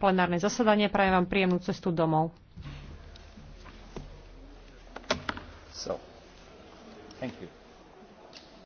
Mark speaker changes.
Speaker 1: plenárne zasadanie. Prajem vám príjemnú cestu domov. So,
Speaker 2: thank you.